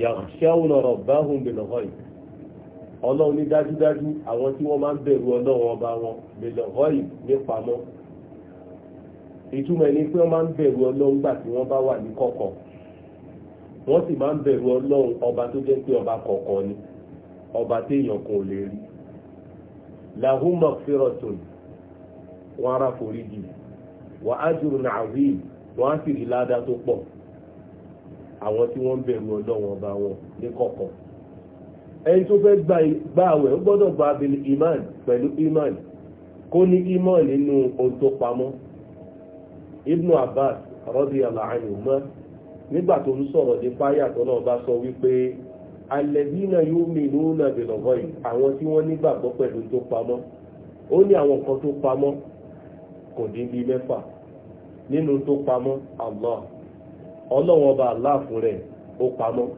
yakhshawna rabbahum bil-ghayb ọlọ́run ní dájúdájú àwọn tí wọ́n máa ń bẹ̀rù ọlọ́run ọba wọn bil-ghayb ní pamọ́ ìtumọ̀ ni pé wọ́n máa ń bẹ̀rù ọlọ́run gbà tí wọ́n bá wà ní kọ̀kọ̀ wọ́n sì máa ń bẹ̀rù ọlọ́run ọba tó jẹ́ pé ọba kọ̀ọ̀kan ni ọba téèyàn kan ò lè rí lahum maghfiratun wọn ara foríjì wa ajrun azim wọn á sì rí ládàá tó pọ̀ àwọn tí wọ́n ń bẹ̀rù ọlọ́wọ́n bá wọn ní kọ̀kọ̀ ẹni tó fẹ́ gba àwẹ̀ ó gbọ́dọ̀ gba abèlè iman pẹ̀lú iman kó ní iman nínú ohun tó pamọ́ Ibn Abbas radiyallahu anhuma nígbà tó ń sọ̀rọ̀ ní páyà tó náà bá sọ wípé alladhina yu'minuna bil ghaib àwọn tí wọ́n nígbàgbọ́ pẹ̀lú tó pamọ́ ó ní àwọn kan tó pamọ́ kò dín bí mẹ́fà nínú tó pamọ́ Allah ọlọ́wọ́n ọba aláàfin rẹ̀ ó pamọ́